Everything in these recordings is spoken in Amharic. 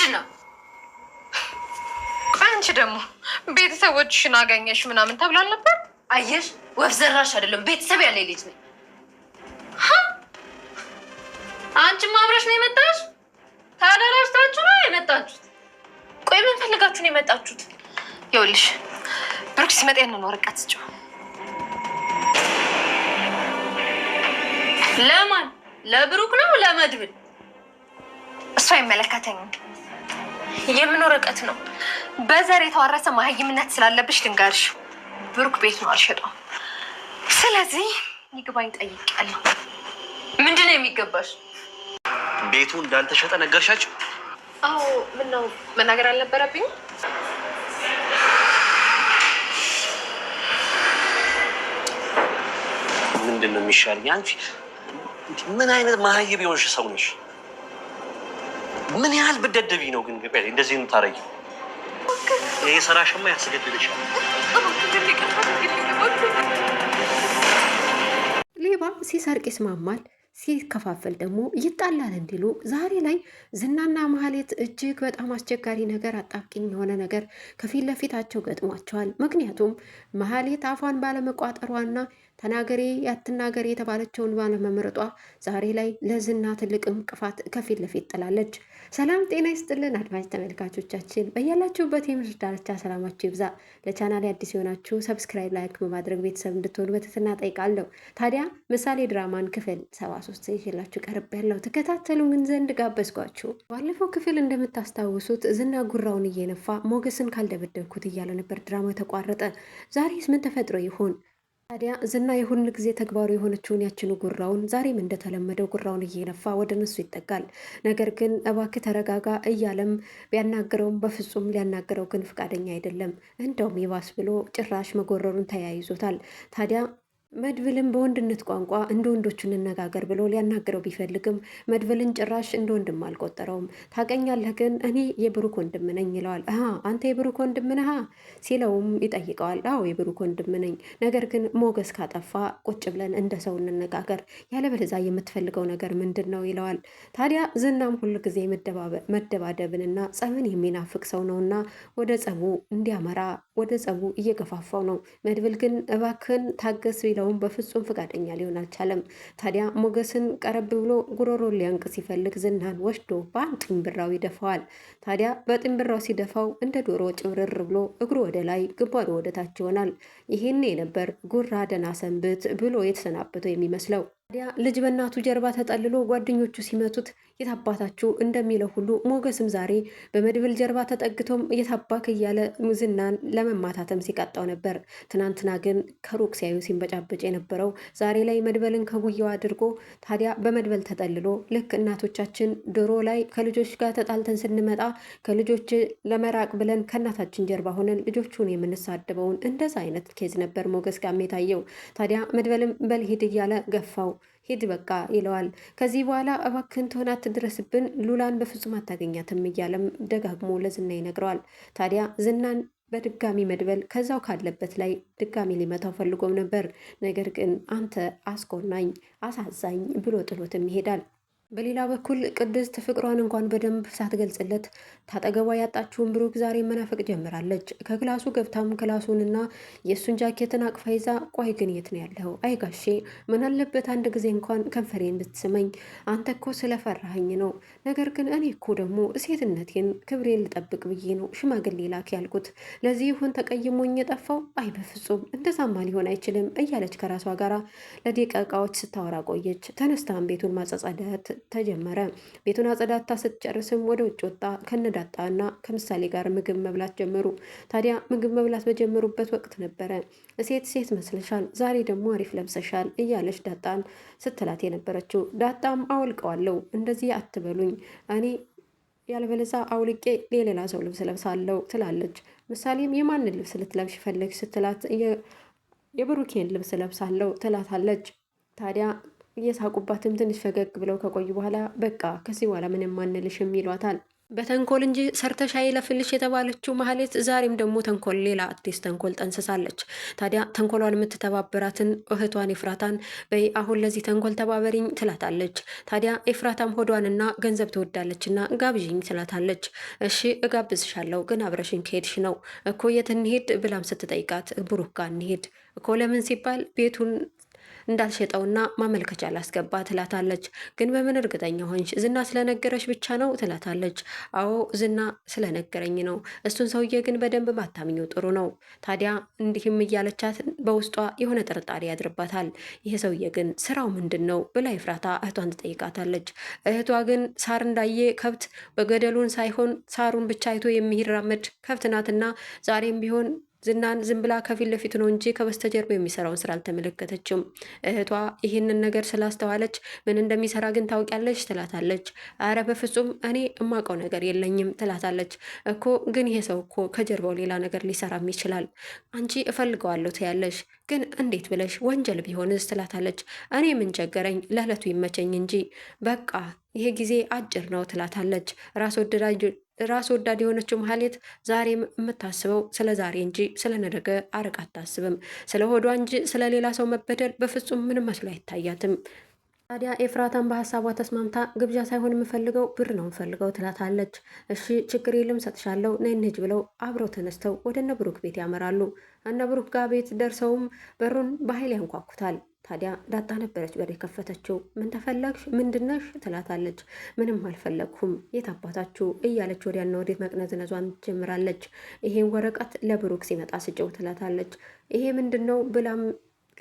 ምንድን ነው? አንቺ ደግሞ ቤተሰቦችሽን አገኘሽ ምናምን ተብሏል ነበር። አየሽ፣ ወፍ ዘራሽ አይደለም ቤተሰብ ያለ ልጅ ነኝ። አንቺ አብረሽ ነው የመጣሽ። ተደራጅታችሁ ነው የመጣችሁት? ቆይ ምን ፈልጋችሁ ነው የመጣችሁት? ይኸውልሽ ብሩክ ሲመጣ ያንን ወረቀት ስጭው። ለማን? ለብሩክ ነው ለመድብል? እሱ አይመለከተኝም። የምን ወረቀት ነው? በዘር የተዋረሰ ማህይምነት ስላለብሽ ድንጋርሽ ብሩክ ቤት ነው አልሸጠውም። ስለዚህ ይግባኝ ጠይቄያለሁ። ምንድን ነው የሚገባሽ? ቤቱ እንዳልተሸጠ ነገርሻቸው? አዎ። ምን ነው መናገር አልነበረብኝ? ምንድን ነው የሚሻል? ያንቺ ምን አይነት መሀይብ የሆንሽ ሰው ነሽ? ምን ያህል ብደደቢ ነው ግን ገበያ እንደዚህ የምታረጊ? ይሄ ስራሽማ ያስገድልሻል። ሌባ ሲሰርቅ ይስማማል፣ ሲከፋፈል ደግሞ ይጣላል እንዲሉ ዛሬ ላይ ዝናና ማህሌት እጅግ በጣም አስቸጋሪ ነገር አጣብቂኝ የሆነ ነገር ከፊት ለፊታቸው ገጥሟቸዋል። ምክንያቱም ማህሌት አፏን ባለመቋጠሯና ተናገሬ ያትናገሬ የተባለችውን ባለመምረጧ ዛሬ ላይ ለዝና ትልቅ እንቅፋት ከፊት ለፊት ጥላለች። ሰላም ጤና ይስጥልን አድማጭ ተመልካቾቻችን በያላችሁበት የምድር ዳርቻ ሰላማችሁ ይብዛ። ለቻናል አዲስ የሆናችሁ ሰብስክራይብ፣ ላይክ በማድረግ ቤተሰብ እንድትሆኑ በትህትና ጠይቃለሁ። ታዲያ ምሳሌ ድራማን ክፍል ሰባ ሶስት ይዤላችሁ ቀርብ ያለው ተከታተሉን ዘንድ ጋበዝኳችሁ። ባለፈው ክፍል እንደምታስታውሱት ዝና ጉራውን እየነፋ ሞገስን ካልደበደብኩት እያለ ነበር ድራማ የተቋረጠ። ዛሬስ ምን ተፈጥሮ ይሆን? ታዲያ ዝና የሁል ጊዜ ተግባሩ የሆነችውን ያችኑ ጉራውን ዛሬም እንደተለመደው ጉራውን እየነፋ ወደ ነሱ ይጠጋል። ነገር ግን እባክህ ተረጋጋ እያለም ቢያናግረውም በፍጹም ሊያናግረው ግን ፈቃደኛ አይደለም። እንደውም ይባስ ብሎ ጭራሽ መጎረሩን ተያይዞታል። ታዲያ መድብልም በወንድነት ቋንቋ እንደ ወንዶቹ እንነጋገር ብሎ ሊያናግረው ቢፈልግም መድብልን ጭራሽ እንደ ወንድም አልቆጠረውም። ታቀኛለህ ግን እኔ የብሩክ ወንድም ነኝ ይለዋል። አ አንተ የብሩክ ወንድም ነህ ሲለውም ይጠይቀዋል። አዎ የብሩክ ወንድም ነኝ፣ ነገር ግን ሞገስ ካጠፋ ቁጭ ብለን እንደ ሰው እንነጋገር፣ ያለበለዚያ የምትፈልገው ነገር ምንድን ነው ይለዋል። ታዲያ ዝናም ሁል ጊዜ መደባደብንና ጸብን የሚናፍቅ ሰው ነውና ወደ ጸቡ እንዲያመራ ወደ ጸቡ እየገፋፋው ነው። መድብል ግን እባክን ታገስ ሌላውም በፍጹም ፈቃደኛ ሊሆን አልቻለም። ታዲያ ሞገስን ቀረብ ብሎ ጉሮሮን ሊያንቅ ሲፈልግ ዝናን ወስዶ በአንድ ጥንብራው ይደፋዋል። ታዲያ በጥንብራው ሲደፋው እንደ ዶሮ ጭብርር ብሎ እግሩ ወደ ላይ ግንባሩ ወደ ታች ይሆናል። ይህኔ የነበር ጉራ ደህና ሰንብት ብሎ የተሰናበተው የሚመስለው። ታዲያ ልጅ በእናቱ ጀርባ ተጠልሎ ጓደኞቹ ሲመቱት የታባታችሁ እንደሚለው ሁሉ ሞገስም ዛሬ በመድብል ጀርባ ተጠግቶም የታባክ እያለ ዝናን ለመማታተም ሲቀጣው ነበር። ትናንትና ግን ከሩቅ ሲያዩ ሲንበጫበጭ የነበረው ዛሬ ላይ መድበልን ከጉያው አድርጎ ታዲያ በመድበል ተጠልሎ ልክ እናቶቻችን ድሮ ላይ ከልጆች ጋር ተጣልተን ስንመጣ ከልጆች ለመራቅ ብለን ከእናታችን ጀርባ ሆነን ልጆቹን የምንሳደበውን እንደዛ አይነት ኬዝ ነበር ሞገስ ጋር የታየው። ታዲያ መድበልም በልሂድ እያለ ገፋው ሂድ በቃ ይለዋል። ከዚህ በኋላ እባክህን ትሆን አትድረስብን፣ ሉላን በፍጹም አታገኛትም እያለም ደጋግሞ ለዝና ይነግረዋል። ታዲያ ዝናን በድጋሚ መድበል ከዛው ካለበት ላይ ድጋሚ ሊመታው ፈልጎም ነበር። ነገር ግን አንተ አስቆናኝ፣ አሳዛኝ ብሎ ጥሎትም ይሄዳል። በሌላ በኩል ቅድስት ፍቅሯን እንኳን በደንብ ሳትገልጽለት ታጠገቧ ያጣችውን ብሩክ ዛሬ መናፈቅ ጀምራለች። ከክላሱ ገብታም ክላሱንና የእሱን ጃኬትን አቅፋ ይዛ ቆይ ግን የት ነው ያለው? አይ ጋሼ ምን አለበት አንድ ጊዜ እንኳን ከንፈሬን ብትስመኝ። አንተ እኮ ስለፈራኸኝ ነው። ነገር ግን እኔ እኮ ደግሞ ሴትነቴን፣ ክብሬን ልጠብቅ ብዬ ነው ሽማግሌ ላክ ያልኩት። ለዚህ ይሁን ተቀይሞኝ የጠፋው? አይ በፍጹም እንደዛማ ሊሆን አይችልም እያለች ከራሷ ጋራ ለደቂቃዎች ስታወራ ቆየች። ተነስታን ቤቱን ማጸጸዳት ተጀመረ። ቤቱን አጸዳታ ስትጨርስም ወደ ውጭ ወጣ። ከነዳጣና ከምሳሌ ጋር ምግብ መብላት ጀመሩ። ታዲያ ምግብ መብላት በጀመሩበት ወቅት ነበረ ሴት ሴት መስለሻል፣ ዛሬ ደግሞ አሪፍ ለብሰሻል እያለች ዳጣን ስትላት የነበረችው። ዳጣም አወልቀዋለሁ፣ እንደዚህ አትበሉኝ እኔ ያለበለዛ አውልቄ የሌላ ሰው ልብስ ለብሳለሁ ትላለች። ምሳሌም የማንን ልብስ ልትለብሽ ፈለግሽ ስትላት የብሩኬን ልብስ ለብሳለሁ ትላታለች። ታዲያ እየሳቁባትም ትንሽ ፈገግ ብለው ከቆዩ በኋላ በቃ ከዚህ በኋላ ምንም ማንልሽም ይሏታል። በተንኮል እንጂ ሰርተሽ አይለፍልሽ የተባለችው ማህሌት ዛሬም ደግሞ ተንኮል ሌላ አዲስ ተንኮል ጠንስሳለች። ታዲያ ተንኮሏን የምትተባበራትን እህቷን ኤፍራታን በይ አሁን ለዚህ ተንኮል ተባበሪኝ ትላታለች። ታዲያ ኤፍራታም ሆዷንና ገንዘብ ትወዳለችና ጋብዥኝ ትላታለች። እሺ እጋብዝሻለሁ ግን አብረሽኝ ከሄድሽ ነው እኮ የት እንሄድ ብላም ስትጠይቃት ብሩክ ጋር እንሄድ እኮ ለምን ሲባል ቤቱን እንዳልሸጠውና ማመልከቻ ላስገባ ትላታለች። ግን በምን እርግጠኛ ሆንሽ? ዝና ስለነገረሽ ብቻ ነው ትላታለች። አዎ ዝና ስለነገረኝ ነው። እሱን ሰውዬ ግን በደንብ ባታምኘው ጥሩ ነው። ታዲያ እንዲህም እያለቻት በውስጧ የሆነ ጥርጣሬ ያድርባታል። ይህ ሰውዬ ግን ስራው ምንድን ነው ብላ ይፍራታ እህቷን ትጠይቃታለች። እህቷ ግን ሳር እንዳየ ከብት በገደሉን ሳይሆን ሳሩን ብቻ አይቶ የሚራመድ ከብት ናትና ዛሬም ቢሆን ዝናን ዝም ብላ ከፊት ለፊት ነው እንጂ ከበስተጀርባ የሚሰራውን ስራ አልተመለከተችም። እህቷ ይህንን ነገር ስላስተዋለች ምን እንደሚሰራ ግን ታውቂያለች ትላታለች። አረ በፍጹም እኔ እማቀው ነገር የለኝም ትላታለች። እኮ ግን ይሄ ሰው እኮ ከጀርባው ሌላ ነገር ሊሰራም ይችላል። አንቺ እፈልገዋለሁ ትያለሽ፣ ግን እንዴት ብለሽ ወንጀል ቢሆንስ ትላታለች። እኔ ምን ቸገረኝ ለዕለቱ ይመቸኝ እንጂ በቃ ይሄ ጊዜ አጭር ነው ትላታለች። ራስ ወደዳጅ ራስ ወዳድ የሆነችው መሀሌት ዛሬም የምታስበው ስለ ዛሬ እንጂ ስለ ነገ አርቃ አታስብም። ስለ ሆዷ እንጂ ስለ ሌላ ሰው መበደል በፍጹም ምንም መስሎ አይታያትም። ታዲያ ኤፍራታን በሀሳቧ ተስማምታ ግብዣ ሳይሆን የምፈልገው ብር ነው የምፈልገው ትላታለች። እሺ ችግር የለም ሰጥሻለሁ፣ ነይ እንሂድ ብለው አብረው ተነስተው ወደ እነ ብሩክ ቤት ያመራሉ። እነ ብሩክ ጋር ቤት ደርሰውም በሩን በኃይል ያንኳኩታል። ታዲያ ዳጣ ነበረች በር የከፈተችው። ምን ተፈለግሽ? ምንድነሽ? ትላታለች። ምንም አልፈለግኩም የት አባታችሁ እያለች ወዲያና ወዴት መቅነዝነዟን ትጀምራለች ይሄን ወረቀት ለብሩክ ሲመጣ ስጭው ትላታለች። ይሄ ምንድን ነው ብላም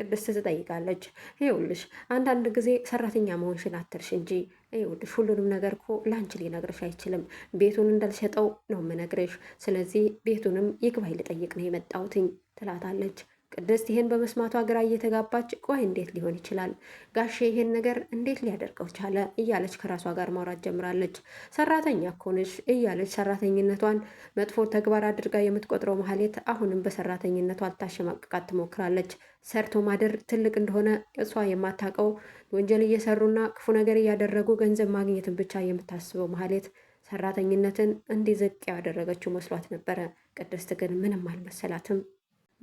ቅድስት ትጠይቃለች። ይኸውልሽ አንዳንድ ጊዜ ሰራተኛ መሆንሽን አትርሽ እንጂ ይኸውልሽ ሁሉንም ነገር እኮ ለአንቺ ሊነግርሽ አይችልም። ቤቱን እንዳልሸጠው ነው የምነግርሽ። ስለዚህ ቤቱንም ይግባኝ ልጠይቅ ነው የመጣሁትኝ ትላታለች። ቅድስት ይሄን በመስማቷ ግራ እየተጋባች ቆይ እንዴት ሊሆን ይችላል ጋሼ ይሄን ነገር እንዴት ሊያደርገው ቻለ እያለች ከራሷ ጋር ማውራት ጀምራለች። ሰራተኛ እኮ ነች እያለች ሰራተኝነቷን መጥፎ ተግባር አድርጋ የምትቆጥረው መሀሌት አሁንም በሰራተኝነቷ ልታሸማቅቃት ትሞክራለች። ሰርቶ ማደር ትልቅ እንደሆነ እሷ የማታውቀው ወንጀል እየሰሩና ክፉ ነገር እያደረጉ ገንዘብ ማግኘትን ብቻ የምታስበው መሀሌት ሰራተኝነትን እንዲህ ዝቅ ያደረገችው መስሏት ነበረ። ቅድስት ግን ምንም አልመሰላትም።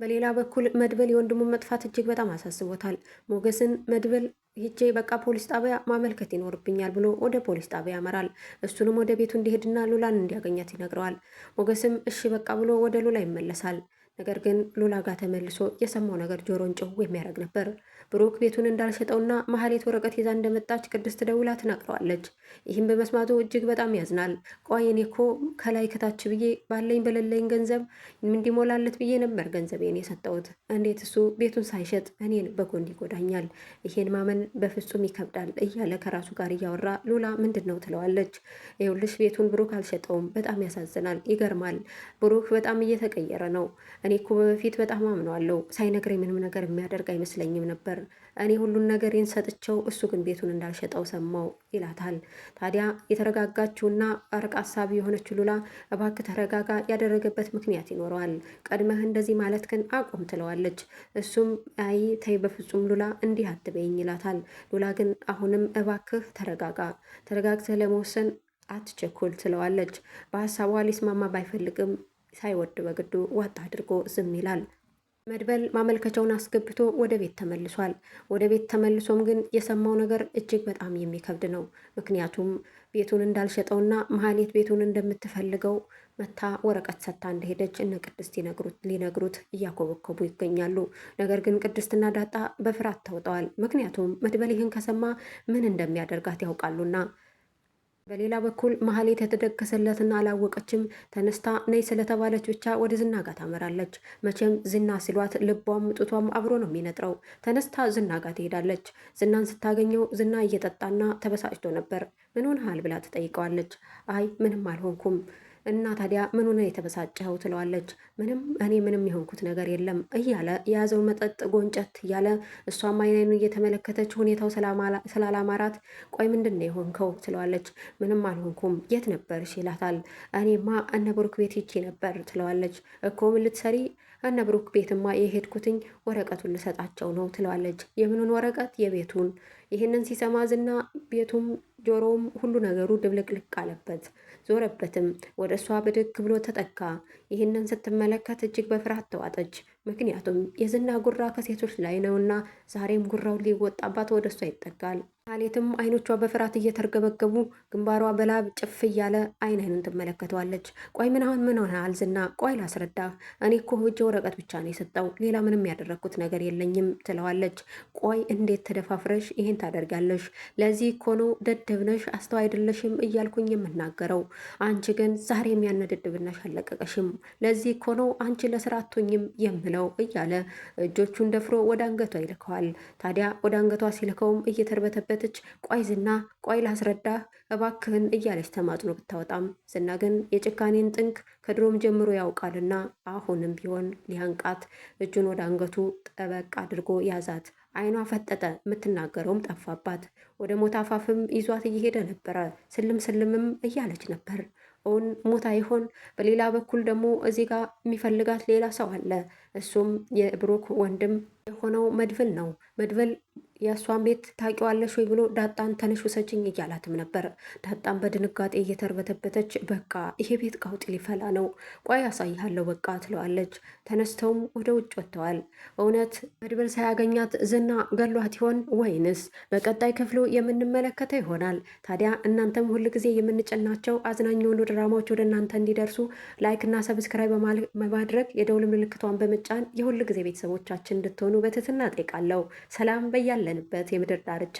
በሌላ በኩል መድብል የወንድሙን መጥፋት እጅግ በጣም አሳስቦታል። ሞገስን መድብል ሂጄ በቃ ፖሊስ ጣቢያ ማመልከት ይኖርብኛል ብሎ ወደ ፖሊስ ጣቢያ ያመራል። እሱንም ወደ ቤቱ እንዲሄድና ሉላን እንዲያገኛት ይነግረዋል። ሞገስም እሺ በቃ ብሎ ወደ ሉላ ይመለሳል። ነገር ግን ሉላ ጋር ተመልሶ የሰማው ነገር ጆሮን ጭው የሚያደርግ ነበር። ብሩክ ቤቱን እንዳልሸጠውና መሀሌት ወረቀት ይዛ እንደመጣች ቅድስት ደውላ ትናግረዋለች። ይህም በመስማቱ እጅግ በጣም ያዝናል። ቆይ እኔ እኮ ከላይ ከታች ብዬ ባለኝ በሌለኝ ገንዘብ እንዲሞላለት ብዬ ነበር ገንዘቤን የሰጠሁት። እንዴት እሱ ቤቱን ሳይሸጥ እኔን በጎን ይጎዳኛል? ይሄን ማመን በፍጹም ይከብዳል እያለ ከራሱ ጋር እያወራ ሉላ ምንድን ነው ትለዋለች። ይኸውልሽ ቤቱን ብሩክ አልሸጠውም። በጣም ያሳዝናል። ይገርማል። ብሩክ በጣም እየተቀየረ ነው እኔ እኮ በፊት በጣም አምነዋለሁ። ሳይነግረኝ ምንም ነገር የሚያደርግ አይመስለኝም ነበር። እኔ ሁሉን ነገር ይንሰጥቸው፣ እሱ ግን ቤቱን እንዳልሸጠው ሰማው ይላታል። ታዲያ የተረጋጋችውና አርቃ ሀሳቢ የሆነች ሉላ እባክህ ተረጋጋ፣ ያደረገበት ምክንያት ይኖረዋል። ቀድመህ እንደዚህ ማለት ግን አቁም ትለዋለች። እሱም አይ ተይ፣ በፍጹም ሉላ እንዲህ አትበይኝ ይላታል። ሉላ ግን አሁንም እባክህ ተረጋጋ፣ ተረጋግተህ ለመወሰን አትቸኩል ትለዋለች። በሀሳቧ ሊስማማ ባይፈልግም ሳይወድ በግዱ ዋጥ አድርጎ ዝም ይላል። መድበል ማመልከቻውን አስገብቶ ወደ ቤት ተመልሷል። ወደ ቤት ተመልሶም ግን የሰማው ነገር እጅግ በጣም የሚከብድ ነው። ምክንያቱም ቤቱን እንዳልሸጠውና መሀሌት ቤቱን እንደምትፈልገው መታ ወረቀት ሰጥታ እንደሄደች እነ ቅድስት ሊነግሩት እያኮበኮቡ ይገኛሉ። ነገር ግን ቅድስትና ዳጣ በፍርሃት ተውጠዋል። ምክንያቱም መድበል ይህን ከሰማ ምን እንደሚያደርጋት ያውቃሉና በሌላ በኩል መሀሌት የተደገሰለትና አላወቀችም። ተነስታ ነይ ስለተባለች ብቻ ወደ ዝና ጋ ታመራለች። መቼም ዝና ሲሏት ልቧም ጡቷም አብሮ ነው የሚነጥረው። ተነስታ ዝና ጋ ትሄዳለች። ዝናን ስታገኘው ዝና እየጠጣና ተበሳጭቶ ነበር። ምን ሆነሃል ብላ ትጠይቀዋለች። አይ ምንም አልሆንኩም እና ታዲያ ምን ሆነ የተበሳጨኸው? ትለዋለች። ምንም እኔ ምንም የሆንኩት ነገር የለም እያለ የያዘው መጠጥ ጎንጨት እያለ እሷም አይናይኑ እየተመለከተች ሁኔታው ስላላማራት ቆይ ምንድን ነው የሆንከው? ትለዋለች። ምንም አልሆንኩም የት ነበርሽ? ይላታል። እኔማ እነ ብሩክ ቤት ይቺ ነበር ትለዋለች። እኮ ምን ልትሰሪ? እነ ብሩክ ቤትማ የሄድኩትኝ ወረቀቱን ልሰጣቸው ነው ትለዋለች። የምኑን ወረቀት? የቤቱን። ይህንን ሲሰማ ዝና ቤቱም ጆሮውም ሁሉ ነገሩ ድብልቅልቅ አለበት፣ ዞረበትም። ወደ እሷ ብድግ ብሎ ተጠጋ። ይህንን ስትመለከት እጅግ በፍርሃት ተዋጠች። ምክንያቱም የዝና ጉራ ከሴቶች ላይ ነውና ዛሬም ጉራው ሊወጣባት ወደ እሷ ይጠጋል። ማሌትም አይኖቿ በፍርሃት እየተርገበገቡ ግንባሯ በላብ ጭፍ እያለ አይንህንን ትመለከተዋለች። ቆይ ምናሁን ምን ሆነሃል ዝና? ቆይ ላስረዳ። እኔ እኮ እጅ ወረቀት ብቻ ነው የሰጠው ሌላ ምንም ያደረግኩት ነገር የለኝም ትለዋለች። ቆይ እንዴት ተደፋፍረሽ ይህን ታደርጋለሽ? ለዚህ እኮ ነው ስድብ ነሽ፣ አስተው አይደለሽም እያልኩኝ የምናገረው አንቺ ግን ዛሬ የሚያነድድብናሽ አለቀቀሽም። ለዚህ እኮ ነው አንቺ ለስራ አቶኝም የምለው እያለ እጆቹን ደፍሮ ወደ አንገቷ ይልከዋል። ታዲያ ወደ አንገቷ ሲልከውም እየተርበተበተች ቆይ ዝና፣ ቆይ ላስረዳ እባክህን እያለች ተማጽኖ ብታወጣም ዝና ግን የጭካኔን ጥንክ ከድሮም ጀምሮ ያውቃልና አሁንም ቢሆን ሊያንቃት እጁን ወደ አንገቱ ጠበቅ አድርጎ ያዛት። አይኗ ፈጠጠ፣ የምትናገረውም ጠፋባት። ወደ ሞት አፋፍም ይዟት እየሄደ ነበረ። ስልም ስልምም እያለች ነበር። እውን ሞታ ይሆን? በሌላ በኩል ደግሞ እዚህ ጋር የሚፈልጋት ሌላ ሰው አለ። እሱም የብሩክ ወንድም የሆነው መድብል ነው። መድብል የእሷን ቤት ታውቂዋለሽ ወይ ብሎ ዳጣን ተነሽ ውሰጅኝ እያላትም ነበር። ዳጣን በድንጋጤ እየተርበተበተች በቃ ይሄ ቤት ቀውጢ ሊፈላ ነው፣ ቆይ ያሳይሃለሁ በቃ ትለዋለች። ተነስተውም ወደ ውጭ ወጥተዋል። እውነት መድብል ሳያገኛት ዝና ገሏት ይሆን ወይንስ በቀጣይ ክፍሉ የምንመለከተው ይሆናል። ታዲያ እናንተም ሁል ጊዜ የምንጭናቸው አዝናኝ የሆኑ ድራማዎች ወደ እናንተ እንዲደርሱ ላይክ እና ሰብስክራይብ በማድረግ የደውል ምልክቷን በመጫን የሁል ጊዜ ቤተሰቦቻችን እንድትሆኑ በትህትና ጠይቃለሁ። ሰላም በየ ያለንበት የምድር ዳርቻ